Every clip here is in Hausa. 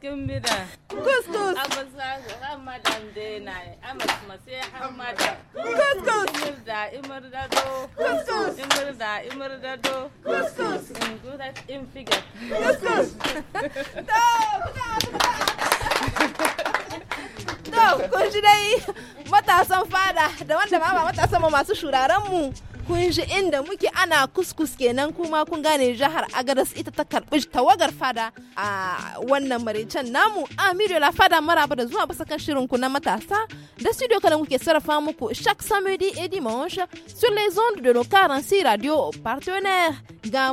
kimbida kuskus kuskus imirda da do kuskus imirda da do kuskus ingurat infigat kuskus to kun ji dai matasan fada da wanda ma ba matasan ma masu shuraren mu kun ji inda muke ana kuskus kenan kuma kun gane jihar agadas ita ta karɓi. tawagar fada a wannan maraicen namu Amido la fada maraba da zuwa bisa kan shirin ku na matasa da studio kalan kuke sarrafa muku chaque samedi et dimanche sur les ondes de nos 46 radio partenaires ga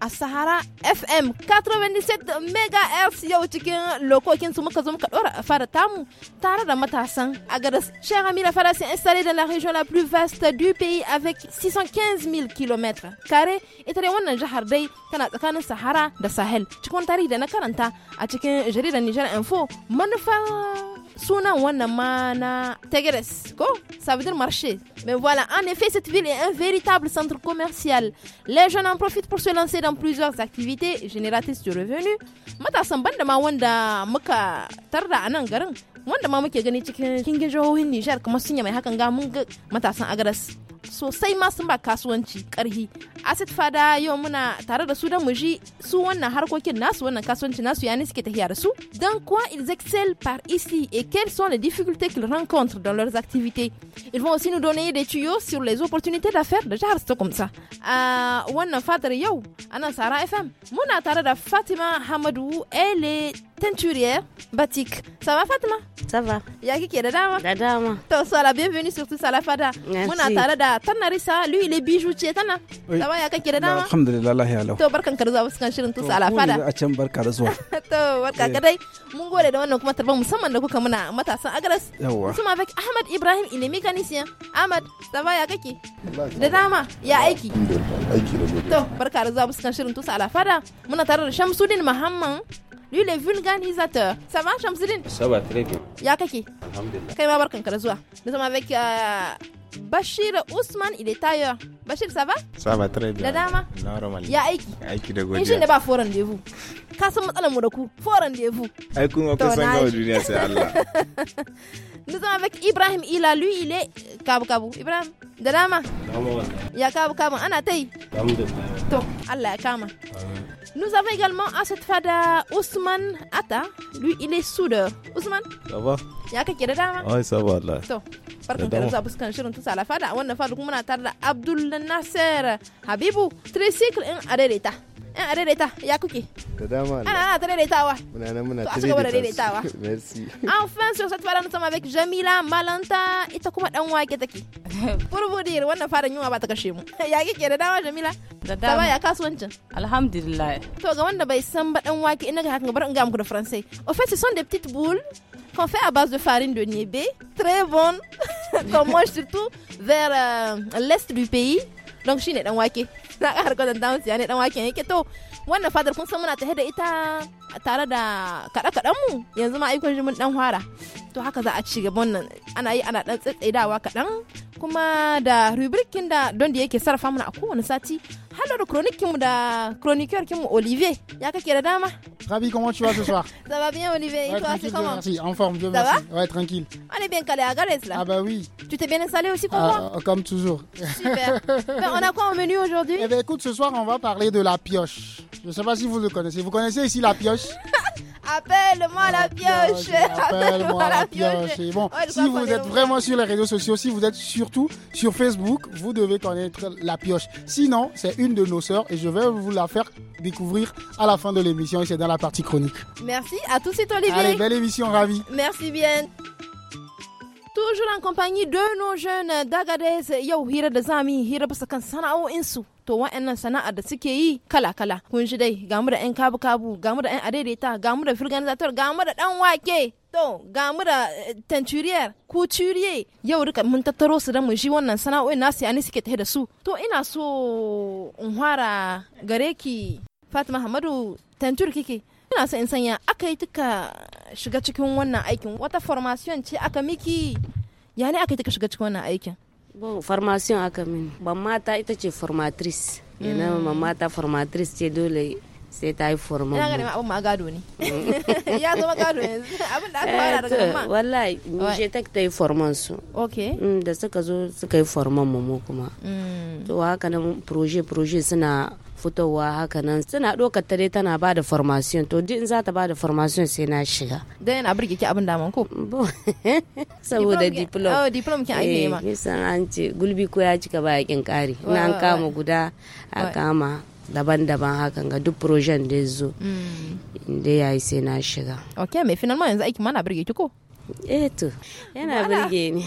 a Sahara FM 97 MHz yau cikin lokokin su muka zo muka dora fada tamu tare da matasan a gadas Cher ami la fada s'est installé dans la région la plus vaste du pays avec 615 000 km carrés ita dai wannan jihar dai tana tsakanin Sahara da sahel cikin tarihi na karanta a cikin jaridar niger info manufar sunan wannan ma na Tegres, quoi ça veut dire marché. Mais voilà, en effet, cette ville est un véritable centre commercial. Les jeunes en profitent pour se lancer dans plusieurs activités génératrices de revenus. Matasan banda ma wanda muka tarda a nan garin, wanda ma muke gani cikin kingin jihohin Nijar kuma sun mai hakan ga mun ga matasan agaras sosai ma sun ba kasuwanci karhi asit fada yau muna tare da su don muji su wannan harkokin nasu wannan kasuwanci nasu yani suke tafiya da su don quoi ils excellent par ici et quelles sont les difficultés qu'ils rencontrent dans leurs activités ils vont aussi nous donner des tuyaux sur les opportunités d'affaires de jihar Stockholm a euh, wannan fatar yau ana Sara FM muna tare da Fatima Hamadu elle est teinturière Batik. Ça va Fatma Ça va. Yaki qui est dama hein? Da dama. Toi la bienvenue sur tout ça la fada. Mon atara da tanarisa, lui il est bijoutier tana. Ça va Yaki qui est dama hein? Alhamdulillah lahi To barkan ka da zuwa cikin shirin tout ça la fada. A can barka da zuwa. To barka ka dai. Mun gode da wannan kuma tarban musamman da kuka muna matasan Agras. Yawwa. Kuma avec Ahmad Ibrahim il est mécanicien. Ahmad, ça va Yaki ki? Da dama ya aiki. Aiki da To barka da zuwa cikin shirin tout ça la fada. Muna tare da Shamsuddin Muhammad lui il est vulgarisateur. Ça va, Chamzidine Ça va très bien. Ya kaki Alhamdulillah. va voir barkan Nous sommes avec euh, Bachir Ousmane, il est tailleur. Bashir, ça va Ça va très bien. La dama hein? Normal. Ya aiki. Aiki da godiya. In ne ba foran da yavu. Ka san matsalar mu da ku. Foran da yavu. Ai kuma ku san gawa duniya sai Allah. Nous sommes avec Ibrahim Ila, lui il est Kabu Kabu. Ibrahim, da dama? Dama Ya Kabu Kabu, ana tai? Alhamdulillah. To, Allah ya kama. Nous avons également à cette fada Ousmane Atta. Lui, il est soudeur. Ousmane Ça va Ya kake da dama? Ai, ça va Allah. To, barkan ka da zuwa buskan shirin tusa la fada. Wannan fada kuma na tare da Abdul da nasir habibu tricycle in a daidaita in a daidaita ya kuke da dama ana ana ah, ah, ta daidaitawa muna nan muna ta daidaitawa merci enfin sur cette fois nous sama avec Jamila Malanta ita kuma dan wake take burbudir wannan fara yunwa ba ta kashe mu ya kike da dama Jamila da dama ya kasuwancin alhamdulillah to ga wanda bai san ba dan wake ina ga haka bar in ga muku da faransai au fait ce sont des petites boules qu'on fait à base de farine de niébé, très bonne, qu'on mange surtout vers euh, l'est du pays. Donc, je suis dans Wake. Hein, na Je suis tare da mu yanzu ma dan To haka za a ci ana yi ana dan kuma da rubrikin da don yake mana a sati le chroniqueur qui est chroniqueur qui Olivier. Y'a quelqu'un qui dama. Ravi, comment tu vas ce soir Ça va bien Olivier, et toi c'est Merci, en forme, Dieu Ça merci. va Ouais, tranquille. On est bien calé à Gales là. Ah bah oui. Tu t'es bien installé aussi pour ah, moi euh, Comme toujours. Super. ben, on a quoi en menu aujourd'hui Eh bien écoute, ce soir on va parler de la pioche. Je ne sais pas si vous le connaissez. Vous connaissez ici la pioche Ah, Appelle-moi la pioche. Appelle-moi la pioche. Bon, si vous êtes vraiment sur les réseaux sociaux, si vous êtes surtout sur Facebook, vous devez connaître la pioche. Sinon, c'est une de nos sœurs et je vais vous la faire découvrir à la fin de l'émission et c'est dans la partie chronique. Merci, à tout de suite Olivier. Allez, belle émission, ravi. Merci bien. Toujours en compagnie de nos jeunes d'Agadez, yau hira da za mu yi hira basa kan sana'o'insu. To wa'annan sana'a da suke yi kala-kala. Kun ji dai gamu da 'yan kabu-kabu, gamu da 'yan adaidaita, gamu da firganizator, gamu da ɗan wake. To gamu da eh, tenturier couturier Yau duka mun tattaro su da mu ji wannan sana'o'in nasu yani suke tafi da su. To ina so in fara gare ki Fatima Hamadu tantur kike. ina son in sanya aka yi tuka shiga cikin wannan aikin wata formation ce aka miki ya ne aka yi tuka shiga cikin wannan aikin bon formation aka mini ban mata ita ce formatrice yana mm. ban mata formatrice ce dole sai ta yi forma ina ganin abin ma gado ne ya zama gado yanzu abin da aka fara daga ma eh, wallahi je ta ta yi forman su okay mm, da suka zo suka yi forman mu mu kuma mm. to haka nan proje proje suna fitowa nan suna ɗaukar ta dai tana ba da formation to duk in za ta ba da formation sai na shiga dan yana burge ki abin daman ko saboda diploma oh diploma kin ake eh, ma san an ce gulbi ko ya cika ba yakin kare ina an kama guda a kama daban-daban hakan ga duk projen da zo mm. inda yi sai na shiga ok mai finalman yanzu aiki mana birge ki ko eh to yana burge ni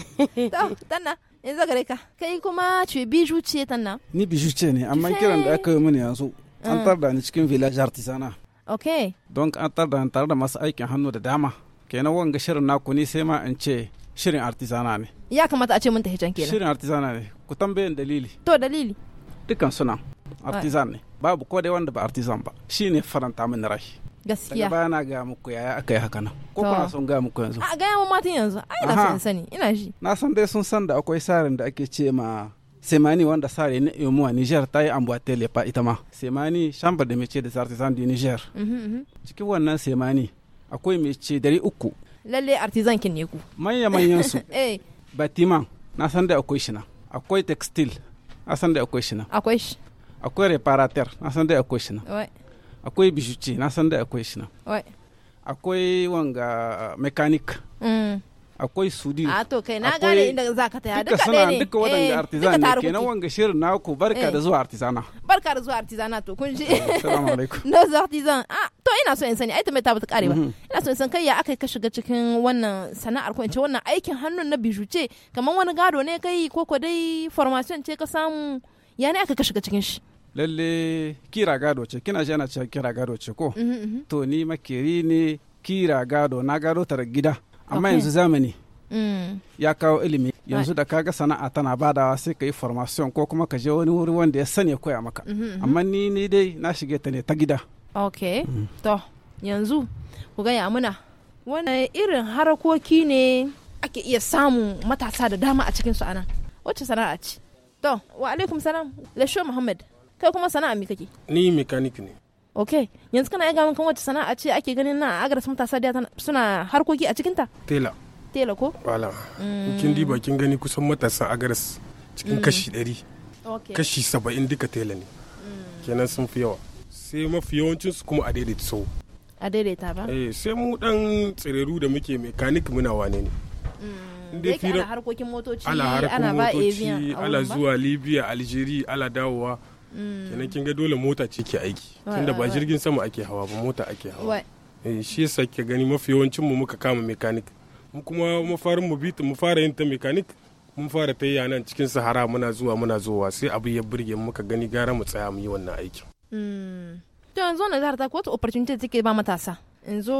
to za gare ka kai kuma ce biju ce ta nan ni biju ce ne amma kiran da aka yi mini yanzu an ah. tarda ni cikin village artisana ok don an tarda da tare da masu aikin hannu da dama kenan wanga shirin naku ni sai ma in ce shirin artisana ne ya kamata a ce mun tafi can kenan shirin artisana ne ku tambayin dalili to dalili dukkan suna artisan ne babu ko dai wanda ba artisan ba shine faranta min rai gaskiya daga na ga muku yaya aka yi haka nan ko kuna son ga muku yanzu a gaya mun matan yanzu ai na san sani ina shi na san dai sun san da akwai sarin da ake ce ma semani wanda sare ne emu a niger ta yi ambuwate le ita ma semani chambre de métier des artisans du niger mhm, mhm. cikin wannan semani akwai mece dari uku lalle artisan kin ne ku manya manyan su eh. batiman na san da akwai shi na akwai textile na san da akwai shi na akwai shi akwai reparateur na san da akwai shi na akwai bishici na san da akwai shi nan akwai wanga uh, mekanik mm. akwai studio a ah, to kai na gane inda za ka taya duka ɗaya ne duka waɗanda eh, artisan ne kenan wanga shirin naku barka eh. da zuwa artisana barka da zuwa artisana to kun ji eh, assalamu alaikum na zuwa artisan a ah, to ina so in sani ai ta mai ta bata karewa mhm. ina so in san kai ya aka ka shiga cikin wannan sana'ar ko in ce wannan aikin hannun na biju kamar wani gado ne kai ko ko dai formation ce ka samu ya ne aka ka shiga cikin shi lalle kira gado ce kina shi ana kira gado ce ko mhm, mhm. to ni makeri ne kira gado na gado tara gida amma yanzu zamani mm. ya kawo ilimi yanzu da kaga sana'a tana badawa sai ka yi formation ko kuma ka je wani wuri wanda ya sani ya koya maka mhm, amma ni ni dai na shige ta ne ta gida ok mm. to yanzu ku gaya muna wani irin harakoki ne ake iya samun matasa da dama a cikinsu anan wacce sana'a ce to wa alaikum salam lasho muhammad kai kuma sana'a me kake ni mechanic ne ok yanzu kana iya kan wace sana'a ce ake ganin na agar sun matasa da suna harkoki a cikinta tela tela ko wala mm. kin diba kin gani kusan matasa agaras cikin kashi 100 mm. kashi saba'in duka tela ne mm. kenan sun fi yawa sai mafi yawancin su kuma a daidaita so a daidaita ba eh sai mu dan tsireru da muke mekanik muna wane ne da yake ana harkokin motoci ana ba avian ala zuwa libya algeria ala dawowa Mm. kenan kin ga dole mota ce ke aiki tunda ba jirgin sama ake hawa ba mota ake hawa eh, shi yasa ke gani mafi yawancin mu muka kama mekanik mu kuma mafarin mu bita mu fara yin ta mekanik mun fara ta yi nan cikin sahara muna zuwa muna zuwa sai abu ya burge muka gani gara mu tsaya mu yi wannan aikin mm. to yanzu zarta zahar ta wata opportunity take ba matasa yanzu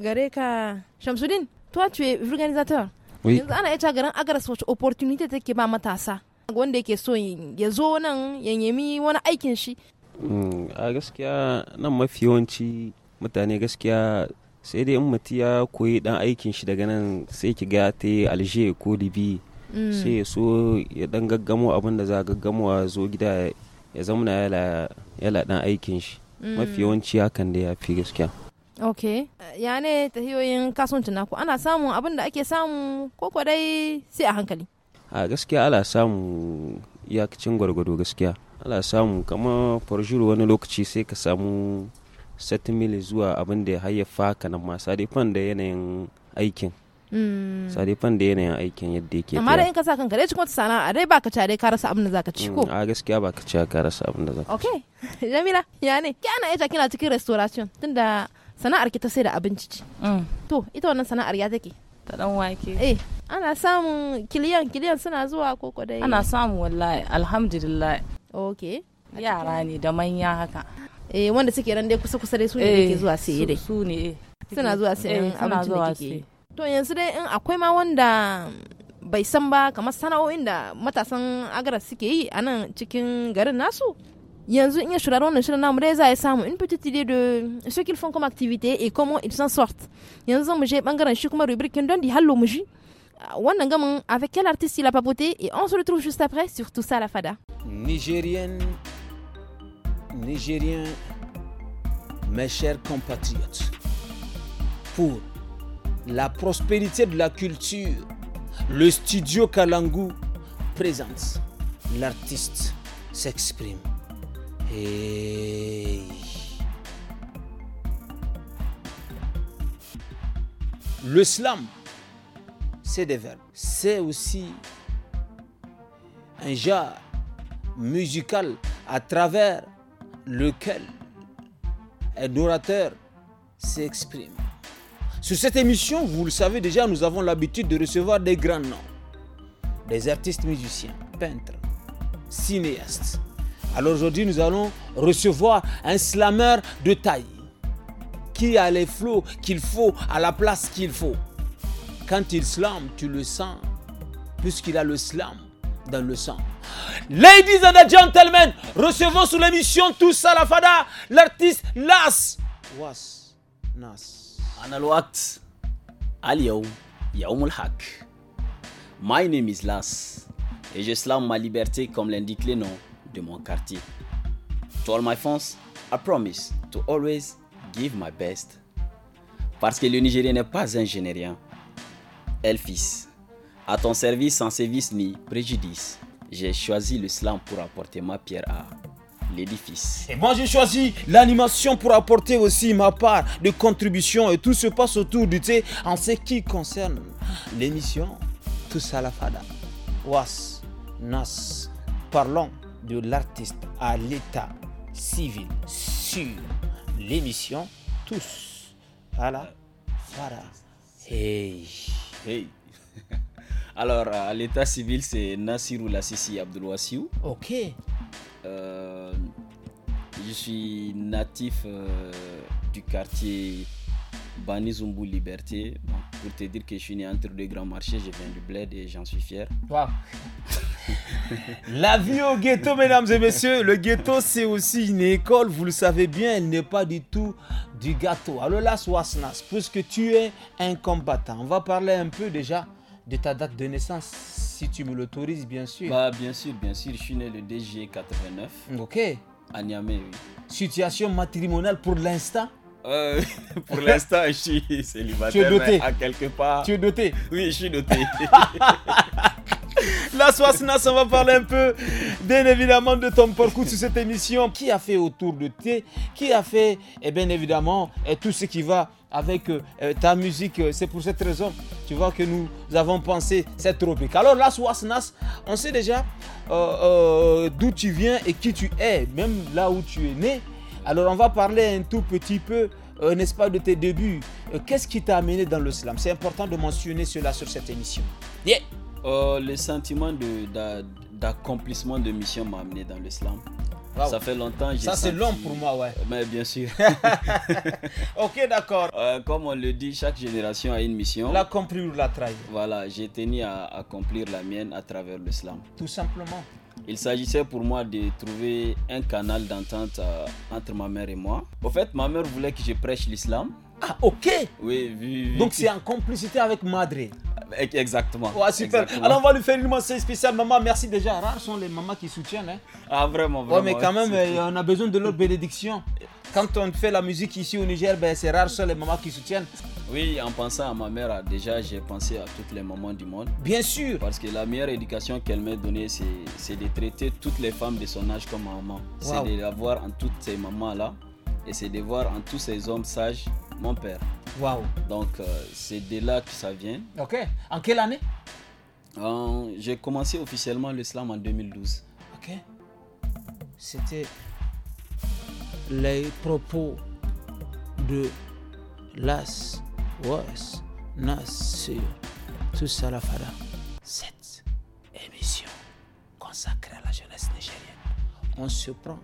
gare ka Shamsudin to ce vulgarizator yanzu ana ita garin agar wata opportunity take ba matasa wanda yake so ya zo nan ya nemi wani aikin shi mm, a gaskiya nan mafi yawanci mutane gaskiya sai dai in ya koyi dan aikin shi daga nan sai ki ga ta alje ko libi mm. sai ya so ya dan gaggamo abin da za a zo gida ya zamana yala dan aikin shi mm. mafi yawanci hakan da ya fi gaskiya ok ya ne ta hiyoyin kasuwancin naku ana samun abin da ake samu ko kwadai sai a hankali a gaskiya ala samu iyakacin gwargwado gaskiya ala samu kama farjuru wani lokaci sai ka samu mili zuwa abin da ya hayyafa ka nan ma sadifan da yanayin aikin hmm. sadifan da yanayin aikin yadda yake amma da in ka sa kanka dai cikin wata sana'a dai baka ci dai ka rasa abin da zaka ci ko hmm, a gaskiya baka ci ka rasa abin da zaka ci okay jamila ya ne ki ana ita kina cikin restoration tunda sana'ar ki ta sai da abinci ci hmm. to ita wannan sana'ar ya take ta dan wake eh ana samun kiliyan kiliyan suna zuwa koko dai ana samu wallahi alhamdulillah okay yara ne da manya haka eh wanda suke ran dai kusa kusa dai su ne eh, ke zuwa sai dai su ne eh. suna zuwa siyan eh, abincin abinci kike to yanzu dai in akwai ma wanda bai san ba kamar sana'o'in da matasan agara suke yi a nan cikin garin nasu Une petite idée de ce qu'ils font comme activité et comment ils s'en sortent euh, avec quel artiste il a papoté et on se retrouve juste après sur tout ça à la fada nigérienne nigérien mes chers compatriotes pour la prospérité de la culture le studio Kalangu présente l'artiste s'exprime et Le slam, c'est des verbes. C'est aussi un genre musical à travers lequel un orateur s'exprime. Sur cette émission, vous le savez déjà, nous avons l'habitude de recevoir des grands noms, des artistes musiciens, peintres, cinéastes, alors aujourd'hui, nous allons recevoir un slammer de taille qui a les flots qu'il faut à la place qu'il faut. Quand il slame, tu le sens, puisqu'il a le slam dans le sang. Ladies and gentlemen, recevons sur l'émission Tous à la Fada l'artiste Las Was Nas. Aliou Yaoumul My name is Las et je slame ma liberté comme l'indique le nom mon quartier. To all my fans, I promise to always give my best. Parce que le Nigérien n'est pas un Générien. Elfis, à ton service sans service ni préjudice, j'ai choisi le slam pour apporter ma pierre à l'édifice. Et moi j'ai choisi l'animation pour apporter aussi ma part de contribution et tout se passe autour du thé en ce qui concerne l'émission Tous à la Fada. Was, Nas, parlons de l'artiste à l'état civil sur l'émission Tous voilà voilà Fara. Hey. Hey. Alors, à l'état civil, c'est Nassirou Lassisi Abdouassiou Ok. Euh, je suis natif euh, du quartier bani Banizumbu Liberté. pour te dire que je suis né entre deux grands marchés, je viens du bled et j'en suis fier. Wow. La vie au ghetto, mesdames et messieurs, le ghetto c'est aussi une école, vous le savez bien, elle n'est pas du tout du gâteau. Alors là, Swasnas, puisque tu es un combattant, on va parler un peu déjà de ta date de naissance, si tu me l'autorises, bien sûr. Bah, bien sûr, bien sûr, je suis né le DG 89. Ok. À Niamey, Situation matrimoniale pour l'instant euh, pour l'instant, je suis célibataire. Tu es doté. À quelque part. Tu es doté. Oui, je suis doté. La Soisnas, on va parler un peu, bien évidemment, de ton parcours sur cette émission. Qui a fait autour de thé Qui a fait, et eh bien évidemment, eh, tout ce qui va avec euh, eh, ta musique. Euh, c'est pour cette raison, tu vois, que nous avons pensé cette rubrique. Alors, la on sait déjà euh, d'où tu viens et qui tu es, même là où tu es né. Alors, on va parler un tout petit peu. n'est-ce pas, de tes débuts. Qu'est-ce qui t'a amené dans le slam C'est important de mentionner cela sur cette émission. Euh, le sentiment d'accomplissement de, mission m'a amené dans l'islam. Ça fait longtemps. Ça, c'est long pour moi, ouais. Euh, mais bien sûr. ok, d'accord. Euh, comme on le dit, chaque génération a une mission. L'accomplir ou la trahir. Voilà, j'ai tenu à accomplir la mienne à travers l'islam. Tout simplement. Il s'agissait pour moi de trouver un canal d'entente entre ma mère et moi. Au fait, ma mère voulait que je prêche l'islam. Ah, ok. Oui, Donc c'est en complicité avec Madre. Exactement. super. Alors on va lui faire une mention spéciale. Maman, merci déjà. Rares sont les mamans qui soutiennent. Hein. Ah, vraiment, vraiment. mais quand même, euh, on a besoin de leur bénédiction. Quand on fait la musique ici au Niger, ben, c'est rare sont les mamans qui soutiennent. Oui, en pensant à ma mère, déjà j'ai pensé à toutes les mamans du monde. Bien sûr. Parce que la meilleure éducation qu'elle m'a donnée, c'est de traiter toutes les femmes de son âge comme maman. C'est de la voir en toutes ces mamans-là. Et c'est de voir en tous ces hommes sages mon père. Wow. Donc, euh, c'est de là que ça vient. Ok. En quelle année J'ai commencé officiellement l'islam en 2012. Ok. C'était les propos de Las Was Nasir Salafada. Cette émission consacrée à la jeunesse nigérienne. On se prend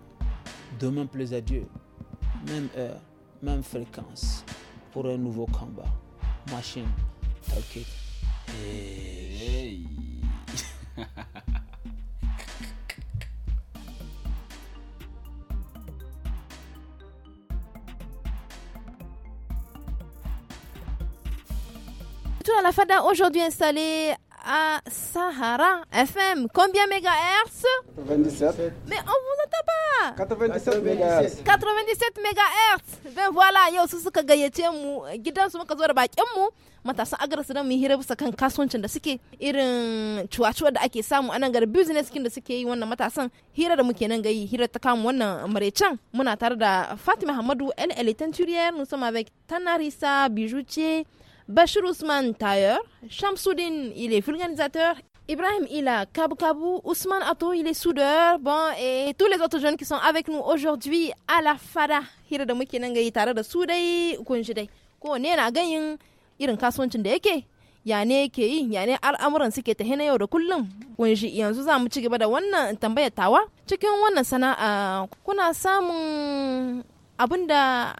demain plus à Dieu. Même heure, même fréquence pour un nouveau combat. Machine, Ok. Hey. Tout à la fada aujourd'hui installé. à Sahara FM. Combien mégahertz 97. Mais on vous entend pas 97 mégahertz. 97 mégahertz. Ben voilà, yau su suka gayyace mu gidan su muka zo da bakin mu matasan agarsu don mu hira bisa kan kasuwancin da suke irin cuwa-cuwa da ake samu a nan gar business kin da suke yi wannan matasan hira da muke nan gayi hira ta kama wannan maraicen muna tare da Fatima Hamadu LL Tanturier nous sommes Tanarisa Bijuce Bachir Ousmane Tailleur, Shamsoudine, il est vulganisateur. Ibrahim Ila Kabou Ousmane Ato, il est soudeur. Bon, et tous les autres jeunes qui sont avec nous aujourd'hui à la Fada. Hira da muke nan gayi tare da su dai kun shi dai. Ko ne na ganyin irin kasuwancin da ke? Ya ne yake yi? Ya ne al'amuran suke ta na yau da kullum? Kun yanzu za mu ci gaba da wannan tambayar tawa. Cikin wannan sana'a kuna samun abin da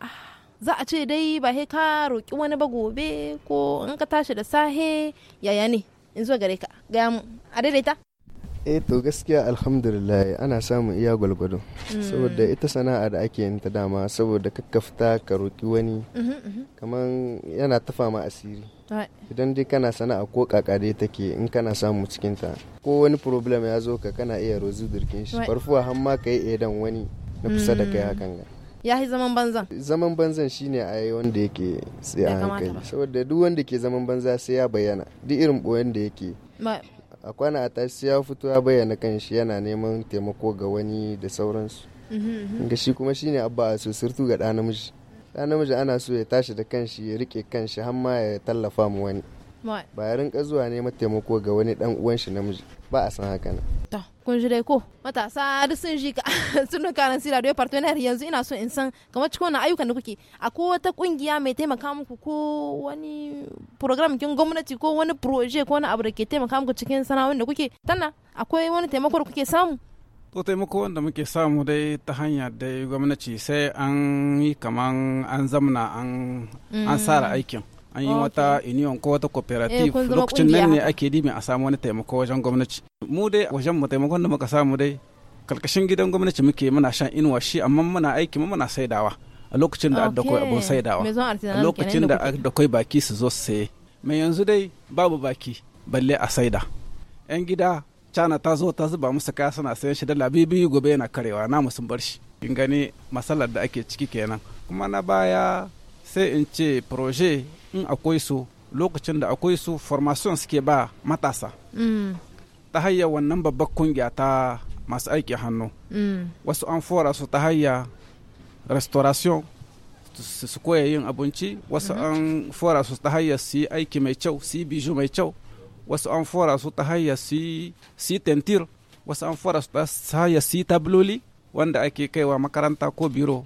za a ce dai ba he ka roƙi wani ba gobe ko in ka tashi da sahe yaya ne in zuwa gare ka gaya mu a daidaita eh to gaskiya alhamdulillah ana samun iya gwalgwado mm. saboda ita sana'a da ake yin ta dama saboda kakka fita ka roƙi wani mhm, mhm. kaman yana ta fama asiri idan dai kana sana'a ko kaka dai take in kana samu cikin ta ko wani problem ya zo ka kana iya rozu durkin shi farfuwa har ma ka yi edan wani na kusa da kai hakan ga ya yi zaman banzan zaman banzan shine a yi wanda yake sai a hankali saboda duk wanda ke zaman banza sai ya bayyana duk irin boyan da yake a kwana a tashi ya fito ya bayyana kanshi yana neman taimako ga wani da sauransu mhm, mhm. ga shi kuma shine abba a so surtu ga ɗa namiji ɗa namiji ana so ya tashi da kanshi ya rike kanshi har ma ya tallafa mu wani ba ya rinka zuwa neman taimako ga wani dan uwan shi namiji ba a san haka nan to kun ji dai ko matasa duk sun ji sun nuka nan sira da partner yanzu ina so in san kamar cikin wannan ayyukan da kuke akwai wata kungiya mai taimaka muku ko wani program kin gwamnati ko wani proje ko wani abu da ke taimaka muku cikin sana'o'in da kuke tana akwai wani taimako da kuke samu to taimako wanda muke samu dai ta hanya dai gwamnati sai an yi kaman an zamna an an mm. sara aikin an yi wata union ko wata cooperative eh, lokacin nan ne ake dimi a samu wani taimako wajen gwamnati mu dai wajen mu taimakon da muka samu dai Kalkashin gidan gwamnati muke muna shan inuwa shi amma muna aiki mu muna saidawa a lokacin da adda kai abun saidawa a lokacin da adda kai baki su zo su saye mai yanzu dai babu baki balle a saida yan gida cana ta zo ta zuba musu kaya suna sayan shi dala biyu gobe yana karewa na musu bar shi in gani matsalar da ake ciki kenan kuma na baya sai in ce proje in akwai su lokacin da akwai su formation suke ba matasa mm. ta hanyar wannan babbar kungiya ta masu aiki hannu mm. wasu an fora su ta hanyar restoration su koya yin abinci wasu mm-hmm. an fora su ta hanyar su yi aiki mai kyau su yi biju mai kyau wasu an fora su ta hanyar su yi tentir wasu an fora su ta hanyar su yi tabloli wanda ake kaiwa makaranta ko biro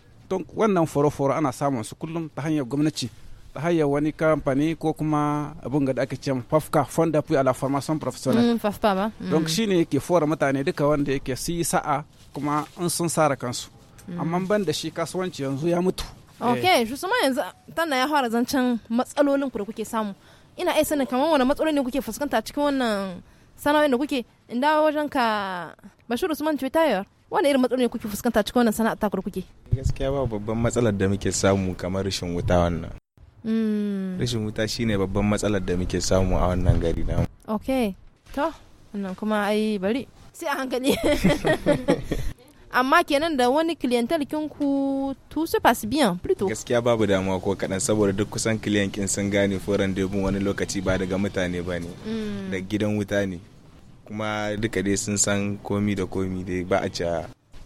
wannan foro-foro ana samun su kullum ta hanyar gwamnati haya wani kamfani ko kuma abin da ake cewa fafka fond d'appui à la formation professionnelle mm, ba mm. donc shine yake fora mutane duka wanda yake su yi sa'a kuma in sun sara kansu mm. amma ban da shi kasuwanci yanzu ya mutu ok eh. justement yanzu tana ya fara zancen matsalolin ku da kuke samu ina ai sanin kamar wani matsaloli ne kuke fuskanta cikin wannan sana'o'in da kuke inda wajen ka Bashir Usman Twitter wani irin matsaloli ne kuke fuskanta cikin wannan sana'a ta kuke gaskiya ba babban matsalar da muke samu kamar rashin wuta wannan Hmm. rashin wuta shine babban matsalar da muke samu a wannan gari namu ok to wannan kuma ai bari sai a hankali amma kenan da wani clientele kin ku tu se passe bien plutôt gaskiya babu damuwa ko kadan saboda duk kusan client kin sun gane foran da wani lokaci ba daga mutane ba ne hmm. da gidan wuta ne kuma duka dai sun san komi da komi dai ba a ci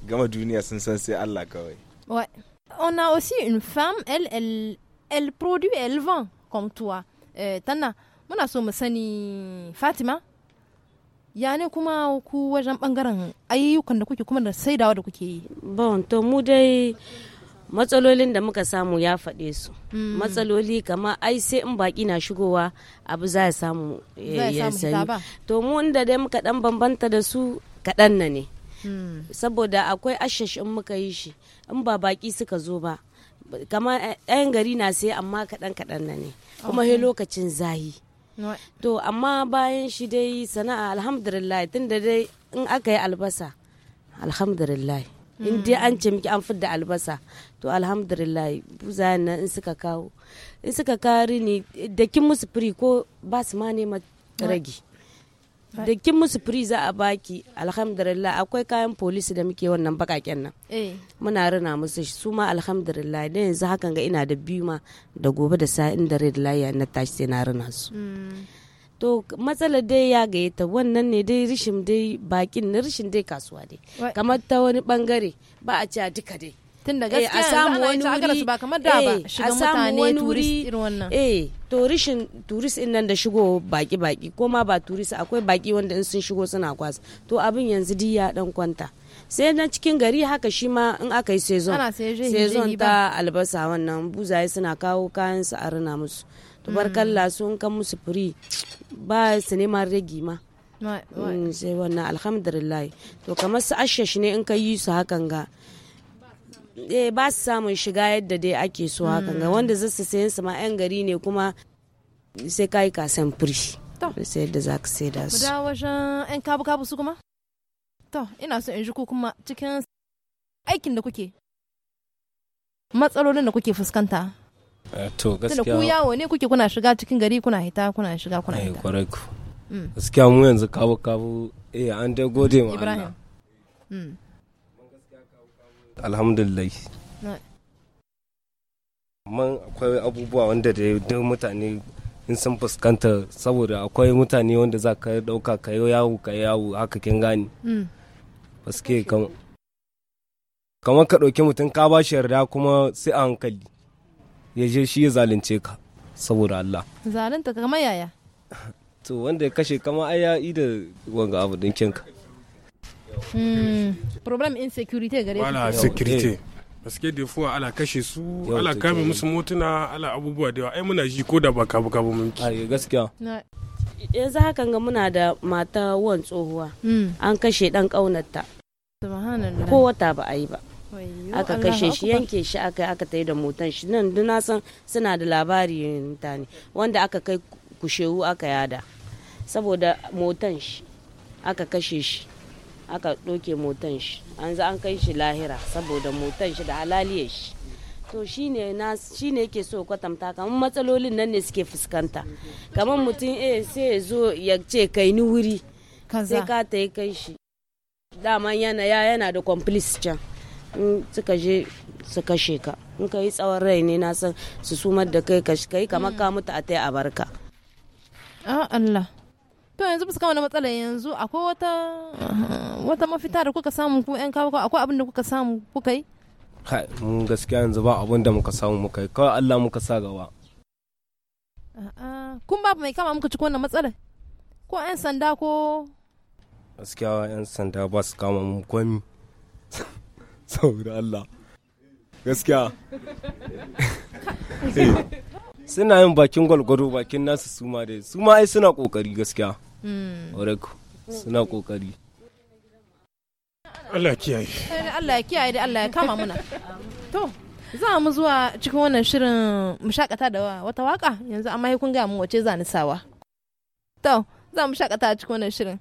gama duniya sun san sai Allah kawai on a aussi une femme elle elle elle produit elle vend comme toi Euh, tana muna so sani fatima yane kuma ku wajen bangaren ayyukan da kuke kuma da saidawa da kuke yi bon to mu dai matsalolin da muka samu ya faɗe su hmm. matsaloli kama ai sai in baki na shigowa abu za ya samu eh, ya sani to mu inda dai muka dan bambanta da su kaɗan na ne hmm. saboda akwai ashashin muka yi shi in ba baki suka zo ba Kama ɗayan gari na sai amma kaɗan kaɗan na ne kuma he lokacin zahi to amma bayan shi dai sana'a alhamdulillah tun da dai in aka yi albasa alhamdulillah in hmm. dai an ce miki an fidda albasa to alhamdulillah buza na in suka kawo in suka kawo rini da kin musu firi ko ba su ma nema rage da kin musu za a baki alhamdulillah akwai kayan polisi da muke wannan bakaken nan eh. muna rina musu su ma alhamdulillah da yanzu hakan ga ina da biyu ma da gobe da sa'in da red laya na tashi sai na rina su mm. to matsalar dai ya gaye ta wannan ne dai rishin dai bakin na rishin dai kasuwa dai kamar ta wani bangare ba a ci a duka dai tun da eh, gaskiya a samu wani wuri ba kamar da ba eh, shiga mutane turist irin wannan eh turishin turist din nan da shigo baki baki ko ma ba turist akwai baki wanda in sun shigo suna kwasa to abin yanzu di ya dan kwanta sai na cikin gari haka shi ma in aka yi sezon sezon ta albasa wannan buzaye suna kawo kayan su a rina musu tubarkalla mm. sun kan musu free ba su neman ma mm, sai wannan alhamdulillah to kamar su ashe shi ne in ka yi su hakan ga eh ba su samun shiga yadda dai ake so hakan hmm. ga wanda zai su sayan su ma yan gari ne kuma sai kai kasan firi sai yadda za ka sai da su da wajen yan kabu kabu su kuma to ina so in ji ku kuma cikin aikin da kuke matsalolin da kuke fuskanta eh, to gaskiya ku yawo ne kuke kuna shiga cikin gari kuna hita kuna shiga kuna eh, hita kwarai ku hmm. gaskiya mu yanzu kabu kabu eh an dai gode ma Allah alhamdulillah amma akwai abubuwa wanda da duk mutane in sun fuskanta saboda akwai mutane wanda za ka dauka ka yi yawo ka yi yawo haka kin gani kama. kamar ka ɗauki mutum ka ba shi yarda kuma sai a hankali ya je shi ya zalunce ka saboda Allah zalunta kamar yaya to wanda ya kashe kamar ai ya da wanga abu dinkin ka Hmm. problem insecurity gare wala security baske da fuwa ala kashe su ala kame musu motuna ala abubuwa da yawa ai muna ji ko da ba kabu kabu mun ki gaskiya yanzu hakan ga muna da mata wan tsohuwa hmm. an kashe dan kaunarta ko wata ba a yi ba aka kashe shi yanke shi aka aka tai da motan shi nan duk na san suna da labari mutane wanda aka kai kushewu aka yada saboda motan shi aka kashe shi aka ɗauke motan shi an za an kai shi lahira saboda motan shi da halaliyar shi to shine na shine yake so kwatanta kamar matsalolin nan ne suke fuskanta kamar mutum eh sai ya zo ya ce kai ni wuri sai ka ta yi kai shi dama yana ya yana da complice can in suka je su kashe ka in ka yi tsawon rai ne na san su sumar da kai ka kai kamar ka mm. mutu a tai a barka a ah, Allah to yanzu ba bisa wani matsala yanzu akwai wata wata mafita da kuka samu ko yan kawo akwai abin da kuka samu kuka yi kai mun gaskiya yanzu ba abin da muka samu muka yi kawai Allah muka sa gaba kun babu mai kama muka ci wannan matsala. ko yan sanda ko gaskiya yan sanda ba su kama mu komi saboda Allah gaskiya eh. suna yin bakin gwalgwado bakin nasu suma dai suma ai suna kokari gaskiya Oreko mm. suna kokari. Allah kiyaye. Allah kiyaye da Allah ya kama muna. To, za mu zuwa cikin wannan shirin mu shakata da wata waka yanzu amma kun ga mu wace zani sawa. To, za mu shakata cikin wannan shirin.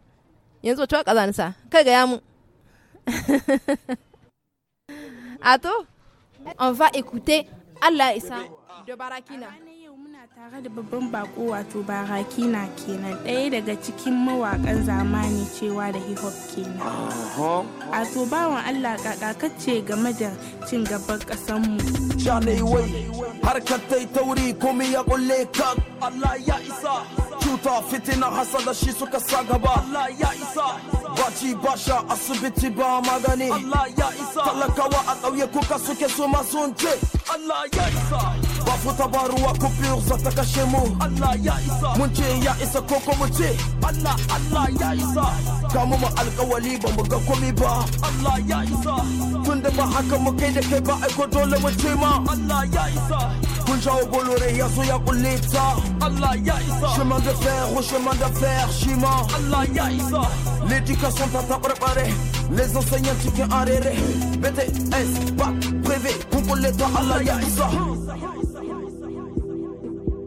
Yanzu wace waka zani sa? Kai ga mu. Ato, on va écouter Allah isa. de Barakina. a tare da babban bako wato barakina kenan ɗaya daga cikin mawakan zamani cewa da hip hop kenan. A to bawan Allah ce game da cin gaban ƙasanmu. mu wai harkar tai tauri komi ya kulle ka Allah ya isa. Cuta fitina hasada shi suka sa gaba. Allah ya isa. Baci basha asibiti ba magani. Allah ya isa. Talakawa a ƙauye kuka suke su masu Allah ya isa bafuta ba ruwa kufiyar za Allah ya isa mun ce ya isa koko Allah Allah ya isa Kamu ma alkawali waliba ga ba Allah ya isa Tunde ba haka mu kai da dole Allah ya isa kun shawo bolore ya so ya Allah ya isa chemin de fer au chemin de fer shima Allah ya isa l'éducation ta préparé les enseignants cikin arere BTS Bak. rufe kun kulle to Allah ya isa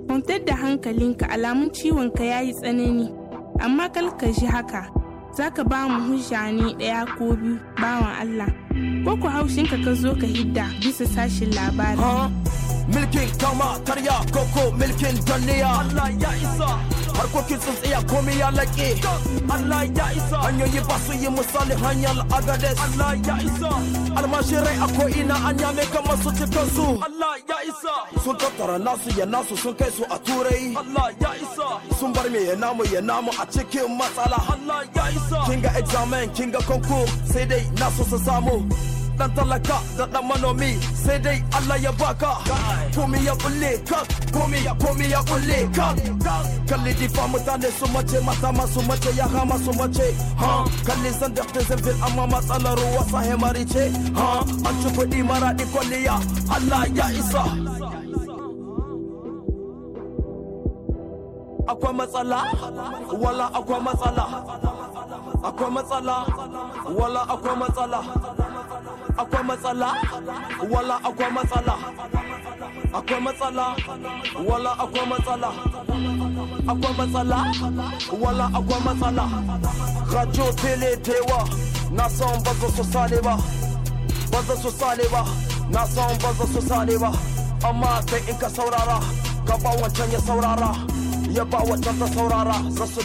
kwantar da hankalinka alamun ciwonka ya yi tsanani amma kalka ji haka za ka ba mu hujja ne ɗaya ko biyu bawan Allah ko ku haushinka ka zo ka hidda bisa sashin labari milkin kama karya koko milkin danniya Allah ya isa harkokin sun tsaya komai ya laƙe Allah ya isa hanyoyi ba su yi misali hanyar agades Allah ya isa almashirai a ko'ina an yame kamar su cikin su Allah ya isa sun tattara nasu ya nasu sun kai su a turai Allah ya isa sun bar me ya namu ya namu a cikin matsala Allah ya isa kinga examen kinga konku sai dai nasu su samu dan talaka da dan ya baka mata masu mace ya hama ha kalli san da zan fil amma sahe marice ha an ci mara di Allah ya isa akwai matsala wala akwai matsala akwai matsala wala akwai matsala akwai matsala wala akwai matsala akwai matsala wala akwai matsala akwai matsala wala akwai matsala radio tele tewa na san ba su sale ba ba su sale ba na san ba su sale ba amma kai in ka saurara ka ba wancan ya saurara ya ba wancan ta saurara za su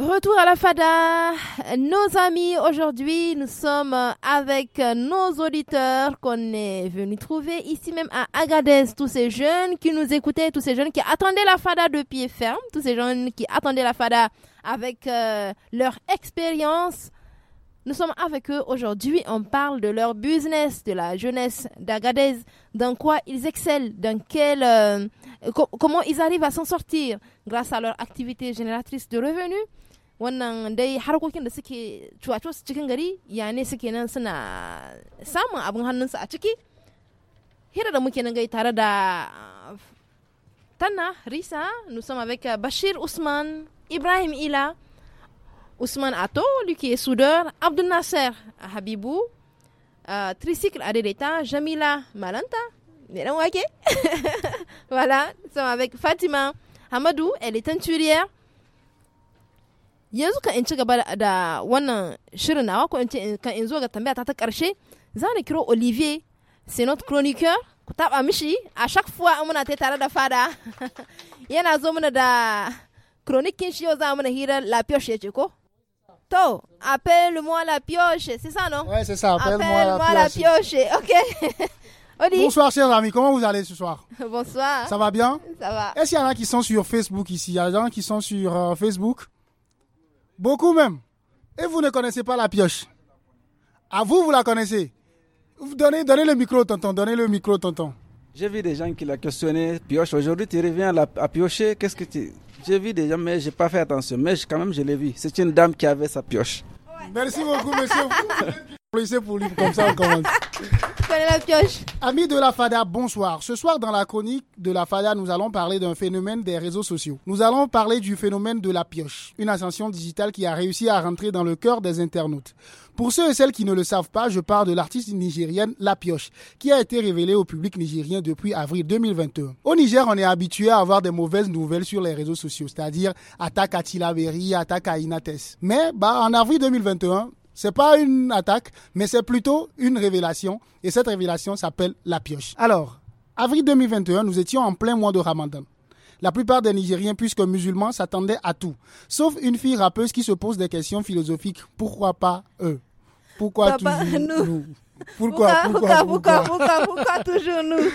Retour à la FADA. Nos amis, aujourd'hui, nous sommes avec nos auditeurs qu'on est venus trouver ici même à Agadez. Tous ces jeunes qui nous écoutaient, tous ces jeunes qui attendaient la FADA de pied ferme, tous ces jeunes qui attendaient la FADA avec euh, leur expérience. Nous sommes avec eux aujourd'hui. On parle de leur business, de la jeunesse d'Agadez, dans quoi ils excellent, dans quel, euh, comment ils arrivent à s'en sortir grâce à leur activité génératrice de revenus. wannan dai harkokin da suke cuwaco su cikin gari ya ne suke nan suna samun abin hannunsu a ciki hira da muke nan gai tare da uh, tana risa nusama avec uh, bashir usman ibrahim ila usman ato luke sudar est soudeur abdul nasser uh, tricycle adereta jamila malanta voilà nous sommes avec fatima hamadou elle est yanzu kan in ci gaba da wannan shirin nawa ko in ce kan in zo ga tambaya ta ta karshe za ni kiro olivier senot chroniqueur ku taba mishi a chaque fois muna tai tare da fada yana zo mana da chroniquin shi yau za hira la pioche yace ko to appelle-moi la pioche c'est ça non ouais c'est ça appelle-moi appelle la, la, pioche ok Bonsoir chers amis, comment vous allez ce soir Bonsoir. Ça va bien Ça va. Est-ce qu'il y en a qui sont sur Facebook ici Il y en a qui sont sur euh, Facebook Beaucoup même. Et vous ne connaissez pas la pioche. À vous, vous la connaissez. Vous donnez, donnez le micro, tonton. Donnez le micro, tonton. J'ai vu des gens qui l'ont questionné. Pioche, aujourd'hui, tu reviens à, la, piocher. Qu'est-ce que tu. J'ai vu des gens, mais je n'ai pas fait attention. Mais quand même, je l'ai vu. C'est une dame qui avait sa pioche. Merci beaucoup, monsieur. Vous pour lui, comme ça, on commence. Amis de la FADA, bonsoir. Ce soir, dans la chronique de la FADA, nous allons parler d'un phénomène des réseaux sociaux. Nous allons parler du phénomène de la pioche, une ascension digitale qui a réussi à rentrer dans le cœur des internautes. Pour ceux et celles qui ne le savent pas, je parle de l'artiste nigérienne La Pioche, qui a été révélée au public nigérien depuis avril 2021. Au Niger, on est habitué à avoir des mauvaises nouvelles sur les réseaux sociaux, c'est-à-dire attaque à Tilaveri, attaque à Inates. Mais, bah, en avril 2021, c'est pas une attaque, mais c'est plutôt une révélation. Et cette révélation s'appelle la pioche. Alors, avril 2021, nous étions en plein mois de Ramadan. La plupart des Nigériens, puisque musulmans, s'attendaient à tout. Sauf une fille rappeuse qui se pose des questions philosophiques. Pourquoi pas eux Pourquoi tu? Pourquoi pourquoi pourquoi, pourquoi toujours nous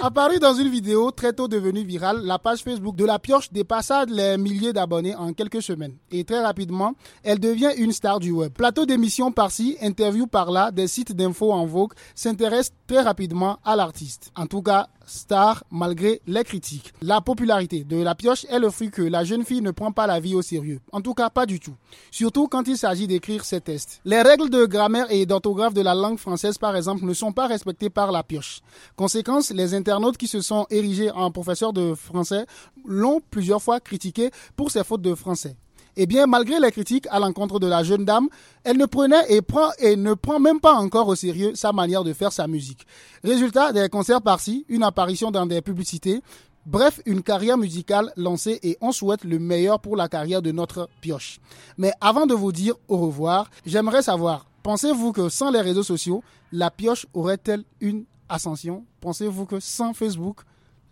Apparu dans une vidéo très tôt devenue virale, la page Facebook de la pioche dépassa les milliers d'abonnés en quelques semaines. Et très rapidement, elle devient une star du web. Plateau d'émission par-ci, interview par-là, des sites d'infos en vogue s'intéressent très rapidement à l'artiste. En tout cas, star malgré les critiques. La popularité de la pioche est le fruit que la jeune fille ne prend pas la vie au sérieux. En tout cas, pas du tout. Surtout quand il s'agit d'écrire ses tests. Les règles de grammaire et d'orthographe de la langue française, par exemple, ne sont pas respectées par la pioche. Conséquence, les internautes qui se sont érigés en professeurs de français l'ont plusieurs fois critiqué pour ses fautes de français eh bien, malgré les critiques à l'encontre de la jeune dame, elle ne prenait et, ne prend même pas encore au sérieux sa manière de faire sa musique. Résultat, des concerts par-ci, une apparition dans des publicités, Bref, une carrière musicale lancée et on souhaite le meilleur pour la carrière de notre pioche. Mais avant de vous dire au revoir, j'aimerais savoir, pensez-vous que sans les réseaux sociaux, la pioche aurait-elle une ascension Pensez-vous que sans Facebook,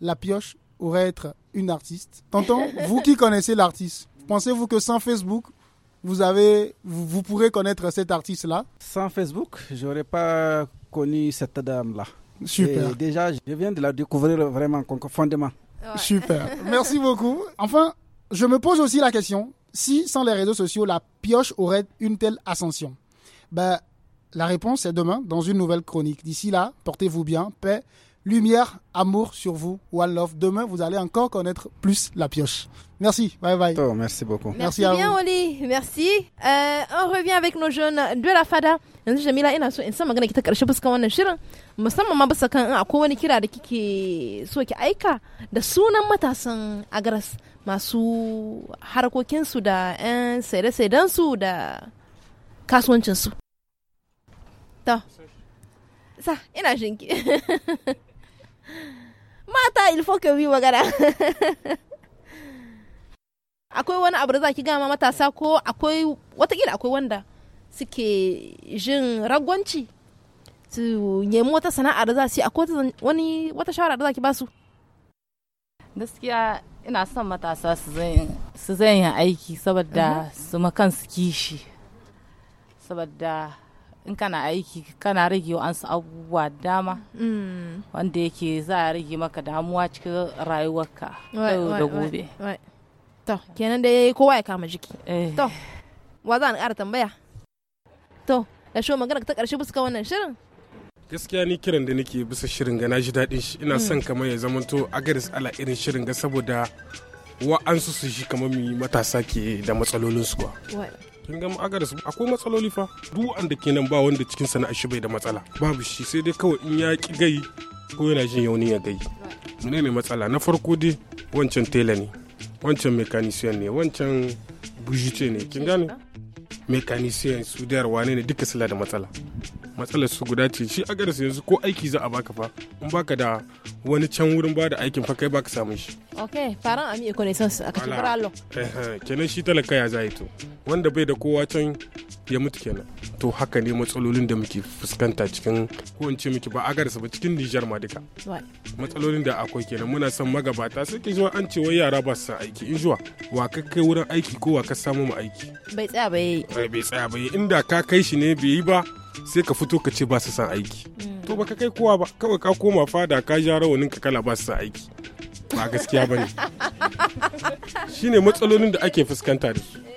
la pioche aurait être une artiste Tonton, vous qui connaissez l'artiste, Pensez-vous que sans Facebook, vous, avez, vous, pourrez connaître cet artiste-là Sans Facebook, je n'aurais pas connu cette dame-là. Super. déjà, je viens de la découvrir vraiment profondément. Super. Merci beaucoup. Enfin, je me pose aussi la question si sans les réseaux sociaux, la pioche aurait une telle ascension ben, La réponse est demain dans une nouvelle chronique. D'ici là, portez-vous bien, paix. Lumière, amour sur vous, One Love. Demain, vous allez encore connaître plus la pioche. Merci, bye bye. Oh, merci beaucoup. Merci, merci à bien, vous. Oli. Merci. Euh, on revient avec nos jeunes de la FADA. yanzu Jamila ina so in san magana ki ta karshe fuska wannan shirin musamman ma bisa kan akwai wani kira da kike so aika da sunan matasan agaras masu harkokinsu da 'yan saide su da su To, sa ina jinki. mata il faut que wi magana akwai wani abu da za ki gama matasa ko akwai watakila akwai wanda suke jin ragwanci su nemi wata sana'a da za su akwai wani wata shawara da za ki ba su gaskiya ina son matasa su zan yi aiki saboda su makan su kishi saboda in kana aiki kana rage wa'ansu abubuwa dama mm. wanda yake za a rage maka damuwa cikin rayuwarka yau da gobe to kenan da yayi kowa ya kama jiki eh. to wa za a ƙara tambaya to da shi magana ta ƙarshe bisa wannan shirin gaskiya ni kiran da nake bisa shirin ga na ji daɗin shi ina son mm. kamar ya zamanto agaris ala irin shirin ga saboda wa'ansu su shi kamar matasa ke da matsalolin su kuwa kin ga su akwai matsaloli fa duk wanda kenan ba wanda cikin sana'ar shi bai da matsala babu shi sai dai kawai in ya ki gai ko yana jin yauni ya gai ne matsala na farko dai wancan tela ne wancan mechanician ne wancan bujice ne kin gane mechanician su da wane ne duka sila da matsala matsalar su guda ce shi agaris yanzu ko aiki za a baka fa in baka da wani can wurin ba da aikin fa kai baka samun shi ok faran ami connaissance a kashin faralo kenan shi talaka ya zai to wanda bai da kowa can ya mutu kenan to haka ne matsalolin da muke fuskanta cikin ko in ce miki ba agarsa ba cikin Nijar ma duka matsalolin da akwai kenan muna son magabata sai ke zuwa an ce wai yara ba su aiki in zuwa wa ka kai wurin aiki ko wa ka samu mu aiki bai tsaya ba yayi bai tsaya ba inda ka kai shi ne bai yi ba sai ka fito ka ce ba su san aiki mm. to baka kai kowa ba kawai ka koma fada ka ja rawanin ka kala ba su san aiki ba gaskiya ba Shi shine matsalolin da ake fuskanta da su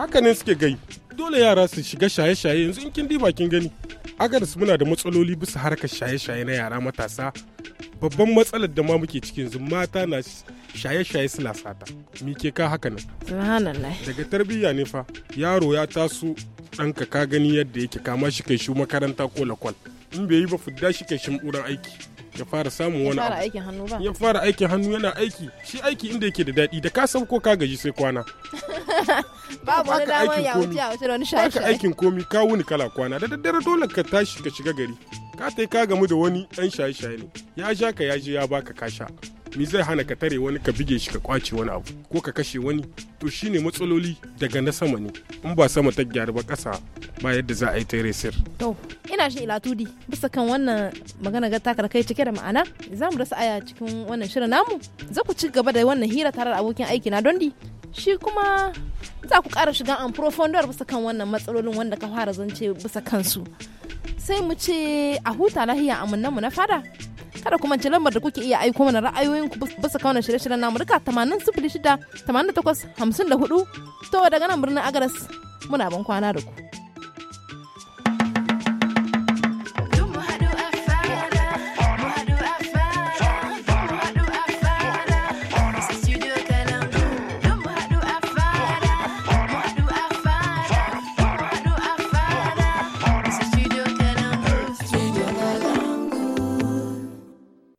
haka ne suke gai dole yara su shiga shaye-shaye yanzu in kin diba kin gani agadas muna da matsaloli bisa harkar shaye-shaye na yara matasa babban matsalar da ma muke cikin yanzu mata na shaye-shaye suna sata mi ke ka haka nan subhanallah daga tarbiyya ne fa yaro ya taso ɗanka ka gani yadda yake kama shi kai shi makaranta ko lakwal in bai yi ba fudda shi ke shimburan aiki ya fara samun wani abu aikin hannu ba ya fara aikin hannu yana aiki shi aiki inda yake da daɗi da ka san ko ka gaji sai kwana babu wani damar ya wuce a wuce don wani shaye aikin komi ka wuni kala kwana da daddare dole ka tashi ka shiga gari ka tai ka gamu da wani ɗan shaye shaye ne ya sha ka ya je ya baka kasha sha me zai hana ka tare wani ka bige shi ka kwace wani abu ko ka kashe wani to shine matsaloli daga na sama ne in ba sama ta gyara ba ƙasa ba yadda za a yi taresir. ina shi ilatudi bisa kan wannan magana ga takar kai cike da ma'ana za mu rasa aya cikin wannan shirin namu za ku ci gaba da wannan hira tare da abokin aiki na dondi shi kuma za ku ƙara shiga an profondor bisa kan wannan matsalolin wanda ka fara zance bisa kansu sai mu ce a huta lahiya amunan mu na fada kada kuma ci lambar da kuke iya aiko mana ra'ayoyinku bisa wannan shirye-shiryen namu duka hamsin da 54 to daga nan birnin agaras muna ban kwana da ku